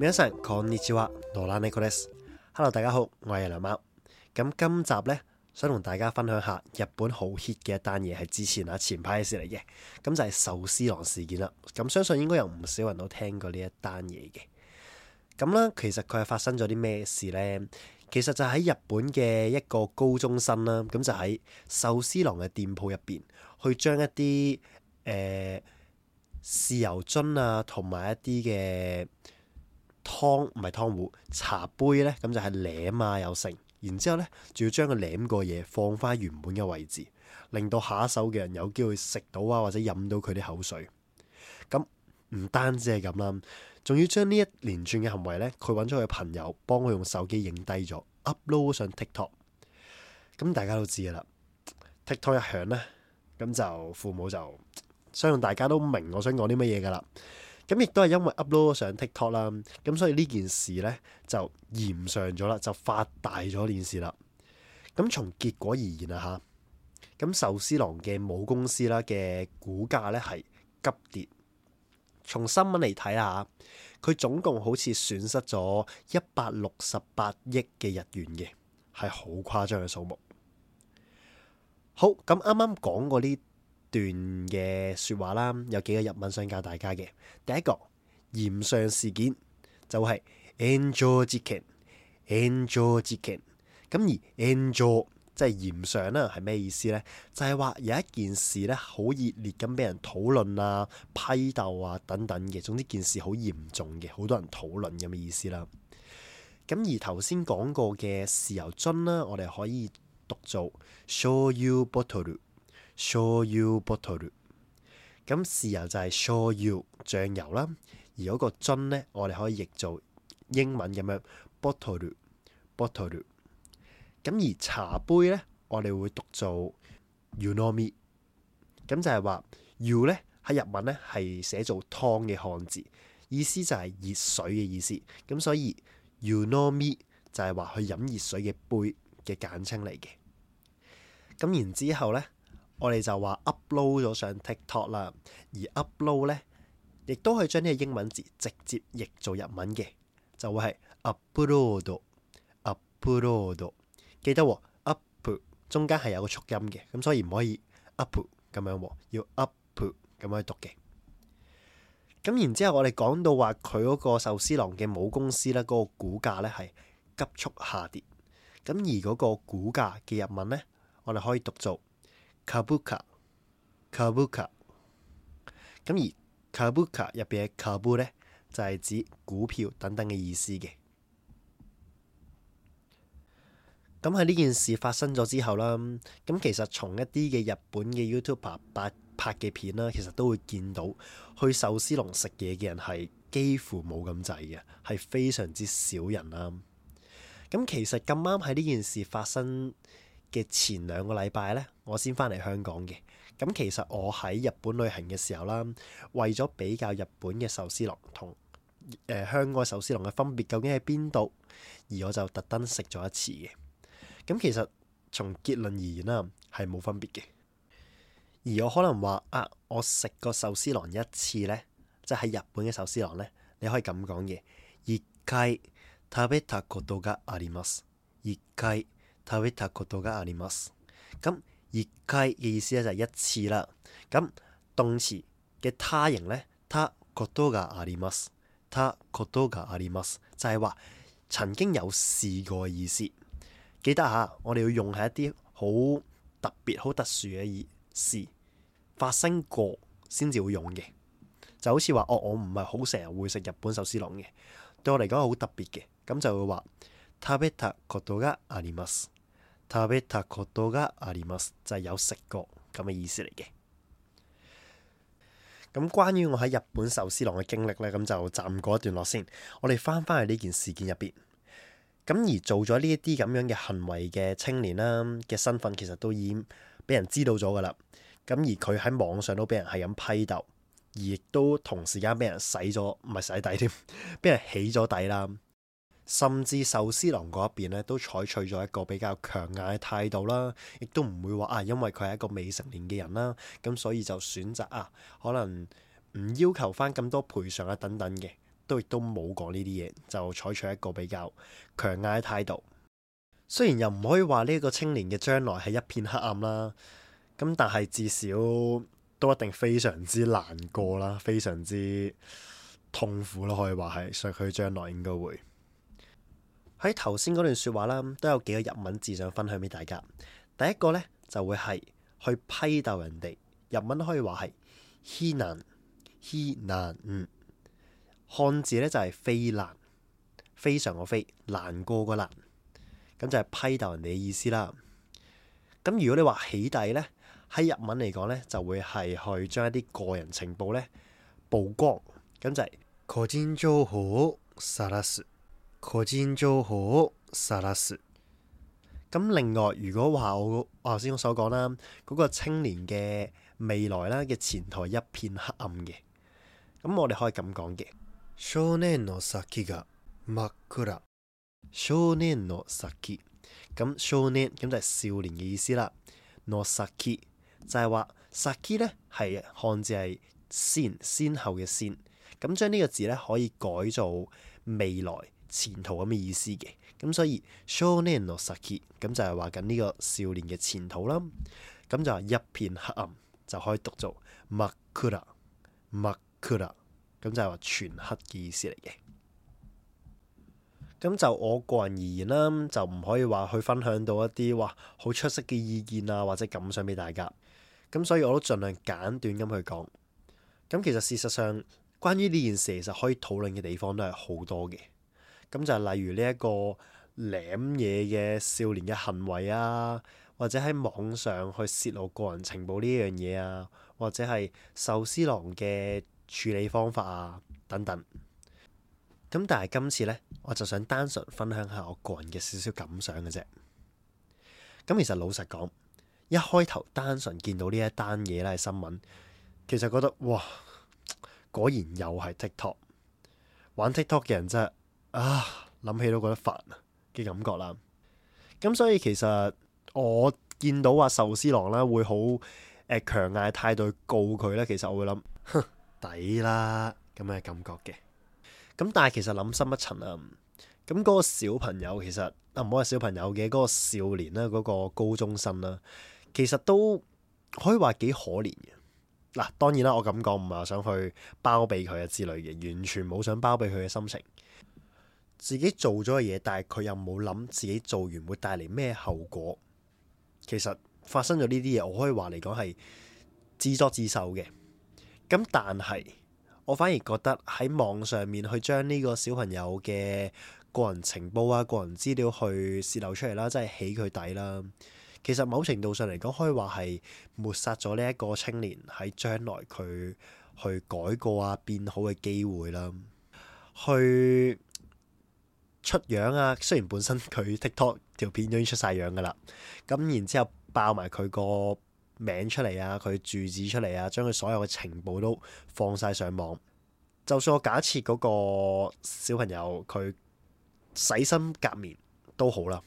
皆さんこんにちは，のらねこです，Hello，大家好，我係梁貓。咁今集呢，想同大家分享下日本好 hit 嘅一單嘢，係之前啊前排嘅事嚟嘅。咁就係壽司郎事件啦。咁相信應該有唔少人都聽過呢一單嘢嘅。咁呢，其實佢係發生咗啲咩事呢？其實就喺日本嘅一個高中生啦。咁就喺壽司郎嘅店鋪入邊，去將一啲誒、呃、豉油樽啊，同埋一啲嘅。湯唔係湯壺、茶杯呢，咁就係舐啊有剩，然之後呢，仲要將個舐過嘢放翻原本嘅位置，令到下一手嘅人有機會食到啊，或者飲到佢啲口水。咁唔單止係咁啦，仲要將呢一連串嘅行為呢，佢揾咗佢朋友幫佢用手機影低咗，upload 上 TikTok。咁大家都知㗎啦，TikTok 一響呢，咁就父母就相信大家都明我想講啲乜嘢㗎啦。咁亦都係因為 upload 上 TikTok 啦，咁所以呢件事呢就炎上咗啦，就發大咗件事啦。咁從結果而言啊，吓，咁壽司郎嘅母公司啦嘅股價呢係急跌。從新聞嚟睇啊，吓，佢總共好似損失咗一百六十八億嘅日元嘅，係好誇張嘅數目。好，咁啱啱講過呢段嘅説話啦，有幾個日文想教大家嘅。第一個炎上事件就係、是、Enjo jiken，Enjo jiken。咁而 Enjo 即係炎上啦，係咩意思呢？就係、是、話有一件事呢，好熱烈咁俾人討論啊、批鬥啊等等嘅。總之件事好嚴重嘅，好多人討論咁嘅意思啦。咁而頭先講過嘅豉油樽咧，我哋可以讀做 Shoyu bottle。Shoyu bottle 咁豉油就係 shoyu 醬油啦。而嗰個樽咧，我哋可以譯做英文咁樣 bottle bottle。咁而茶杯咧，我哋會讀做 yunomi。咁就係話 yu 咧喺日文咧係寫做湯嘅漢字，意思就係熱水嘅意思。咁所以 yunomi 就係話去飲熱水嘅杯嘅簡稱嚟嘅。咁然之後咧。我哋就話 upload 咗上 TikTok 啦，而 upload 咧亦都可以將呢個英文字直接譯做日文嘅，就會係 upload 到 upload 記得、哦、upload 中間係有個促音嘅，咁所以唔可以 upload 咁樣，要 upload 咁樣去讀嘅。咁然之後，我哋講到話佢嗰個壽司郎嘅母公司咧，嗰個股價咧係急速下跌。咁而嗰個股價嘅日文咧，我哋可以讀做。卡布卡，卡布卡，咁而卡布卡入邊嘅卡布咧，就係、是、指股票等等嘅意思嘅。咁喺呢件事發生咗之後啦，咁其實從一啲嘅日本嘅 YouTuber 拍拍嘅片啦，其實都會見到去壽司郎食嘢嘅人係幾乎冇咁滯嘅，係非常之少人啦。咁其實咁啱喺呢件事發生。嘅前兩個禮拜咧，我先翻嚟香港嘅。咁其實我喺日本旅行嘅時候啦，為咗比較日本嘅壽司郎同誒香港壽司郎嘅分別究竟喺邊度，而我就特登食咗一次嘅。咁其實從結論而言啦，係冇分別嘅。而我可能話啊，我食過壽司郎一次咧，即係喺日本嘅壽司郎咧，你可以咁講嘅，一回食べたことがあります，一 回。食べたことがあります。咁一回嘅意思咧就係一次啦。咁動詞嘅他型咧，たことがあります，たことがあります就係、是、話曾經有試過嘅意思。記得下我哋要用係一啲好特別、好特殊嘅意事發生過先至會用嘅，就好似話哦，我唔係好成日會食日本壽司郎嘅，對我嚟講好特別嘅，咁就會話食べたことがあります。食べたことがあります就係、是、有食過咁嘅意思嚟嘅。咁關於我喺日本壽司郎嘅經歷咧，咁就暫過一段落先。我哋返返去呢件事件入邊，咁而做咗呢一啲咁樣嘅行為嘅青年啦、啊、嘅身份，其實都已經俾人知道咗㗎喇。咁而佢喺網上都俾人係咁批鬥，而亦都同時間俾人洗咗，唔係洗底添，俾 人起咗底啦。甚至壽司郎嗰一邊咧，都採取咗一個比較強硬嘅態度啦。亦都唔會話啊，因為佢係一個未成年嘅人啦，咁所以就選擇啊，可能唔要求返咁多賠償啊等等嘅，都亦都冇講呢啲嘢，就採取一個比較強硬嘅態度。雖然又唔可以話呢個青年嘅將來係一片黑暗啦，咁但係至少都一定非常之難過啦，非常之痛苦咯，可以話係。所以佢將來應該會。喺頭先嗰段説話啦，都有幾個日文字想分享俾大家。第一個呢，就會係去批鬥人哋，日文可以話係非難、非難，嗯，漢字呢就係非難，非常嘅非，難過個難，咁就係批鬥人哋嘅意思啦。咁如果你話起底呢，喺日文嚟講呢，就會係去將一啲個人情報呢曝光，咁就係個人情報を晒す。咁。另外，如果話我頭先我所講啦，嗰、嗰個青年嘅未來啦嘅前途係一片黑暗嘅。咁我哋可以咁講嘅。少年羅薩基噶麥克啦，少年羅薩基咁，少年咁就係少年嘅意思啦。羅薩基就係話薩基咧係漢字係先，先後嘅先咁，將呢個字咧可以改做未來。前途咁嘅意思嘅，咁所以少年の先咁就係話緊呢個少年嘅前途啦。咁就一片黑暗，就可以讀做真っ暗真っ暗，咁就係話全黑嘅意思嚟嘅。咁就我個人而言啦，就唔可以話去分享到一啲哇好出色嘅意見啊，或者感想俾大家。咁所以我都盡量簡短咁去講。咁其實事實上，關於呢件事，其實可以討論嘅地方都係好多嘅。咁就係例如呢一個舐嘢嘅少年嘅行為啊，或者喺網上去洩露個人情報呢樣嘢啊，或者係壽司郎嘅處理方法啊等等。咁但係今次呢，我就想單純分享下我個人嘅少少感想嘅啫。咁其實老實講，一開頭單純見到一呢一單嘢咧，係新聞，其實覺得哇，果然又係 TikTok，玩 TikTok 嘅人真係。啊，諗起都覺得煩嘅感覺啦。咁所以其實我見到話壽司郎咧會好誒強硬態度告佢咧，其實我會諗，哼，抵啦咁嘅感覺嘅。咁但係其實諗深一層啊，咁嗰個小朋友其實啊唔好話小朋友嘅嗰個少年啦，嗰個高中生啦，其實都可以話幾可憐嘅嗱。當然啦，我咁講唔係想去包庇佢啊之類嘅，完全冇想包庇佢嘅心情。自己做咗嘅嘢，但係佢又冇諗自己做完會帶嚟咩後果。其實發生咗呢啲嘢，我可以話嚟講係自作自受嘅。咁但係我反而覺得喺網上面去將呢個小朋友嘅個人情報啊、個人資料去泄漏出嚟啦，即係起佢底啦。其實某程度上嚟講，可以話係抹殺咗呢一個青年喺將來佢去改過啊、變好嘅機會啦，去。出樣啊！雖然本身佢 TikTok 條片已經出晒樣噶啦，咁然之後爆埋佢個名出嚟啊，佢住址出嚟啊，將佢所有嘅情報都放晒上網。就算我假設嗰個小朋友佢洗心革面都好啦，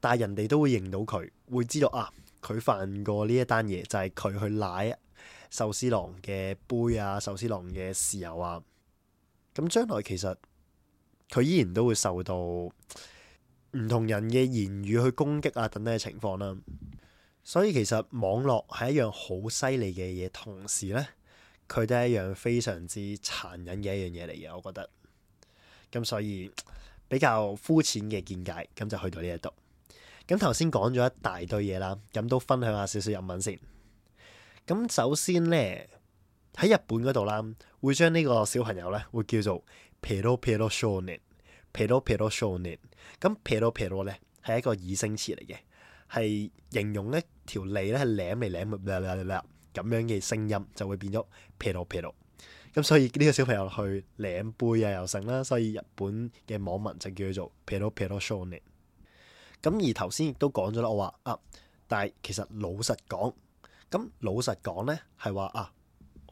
但係人哋都會認到佢，會知道啊，佢犯過呢一單嘢就係、是、佢去舐壽司郎嘅杯啊，壽司郎嘅豉油啊。咁將來其實。佢依然都會受到唔同人嘅言語去攻擊啊，等等嘅情況啦。所以其實網絡係一樣好犀利嘅嘢，同時咧佢都係一樣非常之殘忍嘅一樣嘢嚟嘅。我覺得。咁所以比較膚淺嘅見解，咁就去到呢一度。咁頭先講咗一大堆嘢啦，咁都分享下少少日文先。咁首先咧喺日本嗰度啦，會將呢個小朋友咧，會叫做，皮多皮多少年，皮多皮多少年，咁皮多皮多咧，係一個擬聲詞嚟嘅，係形容咧條脷咧係舐嚟舐啦啦啦啦咁樣嘅聲音，就會變咗皮多皮多。咁所以呢個小朋友去舐杯啊又剩啦，所以日本嘅網民就叫佢做皮多皮多少年。咁而頭先亦都講咗啦，我話啊，但係其實老實講，咁、啊、老實講咧係話啊，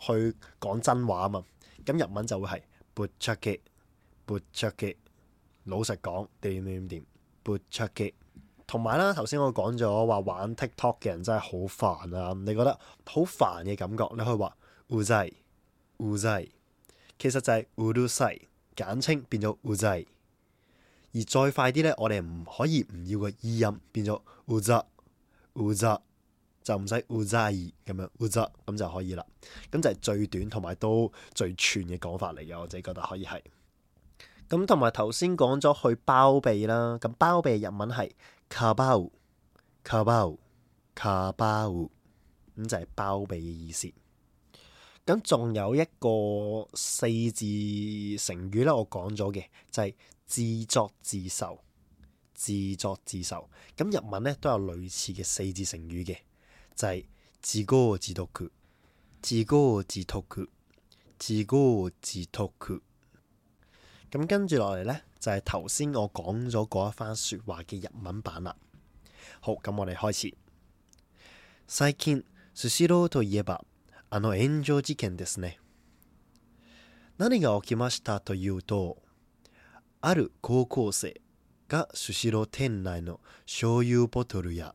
去講真話啊嘛，咁日文就會、是、係。撥出機，撥出機。老實講，點點點，點，撥出機。同埋啦，頭先我講咗話玩 TikTok 嘅人真係好煩啊。你覺得好煩嘅感覺，你可以話烏劑烏劑，其實就係烏 do 西，簡稱變咗烏劑。而再快啲咧，我哋唔可以唔要個 i 音變、嗯，變咗烏責烏責。嗯嗯就唔使污質咁樣污揸，咁就可以啦。咁就係最短同埋都最寸嘅講法嚟嘅。我自己覺得可以係咁，同埋頭先講咗去包庇啦。咁包庇日文係卡包卡包卡包咁就係、是、包庇嘅意思。咁仲有一個四字成語咧，我講咗嘅就係自作自受。自作自受咁日文咧都有類似嘅四字成語嘅。自業自得，自業自得，自業自得，自業自得，自業自得。咁跟住落嚟呢，就係頭先我講咗嗰一番說話嘅日文版啦。好，咁我哋開始。最近スシローといえば、あの炎上事件ですね。何が起きましたというと、ある高校生がスシロー店內の醤油ボトルや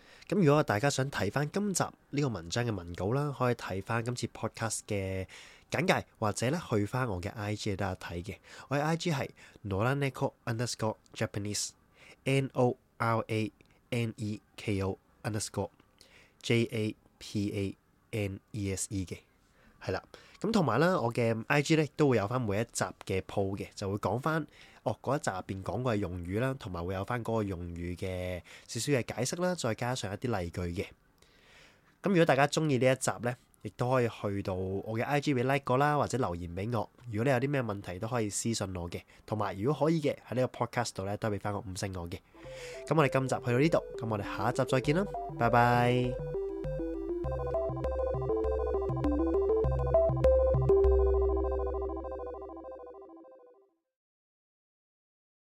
咁如果大家想睇翻今集呢個文章嘅文稿啦，可以睇翻今次 podcast 嘅簡介，或者咧去翻我嘅 IG 嚟睇嘅。我嘅 IG 係 NoraNeko_Japanese，N O R A N E K O_underscore J A P A N E S E 嘅，係啦。咁同埋咧，我嘅 IG 咧都會有翻每一集嘅鋪嘅，就會講翻。哦，嗰一集入邊講過嘅用語啦，同埋會有翻嗰個用語嘅少少嘅解釋啦，再加上一啲例句嘅。咁如果大家中意呢一集呢，亦都可以去到我嘅 I G 俾 like 過啦，或者留言俾我。如果你有啲咩問題，都可以私信我嘅。同埋如果可以嘅喺呢個 podcast 度呢，都俾翻我個五星我嘅。咁我哋今集去到呢度，咁我哋下一集再見啦，拜拜。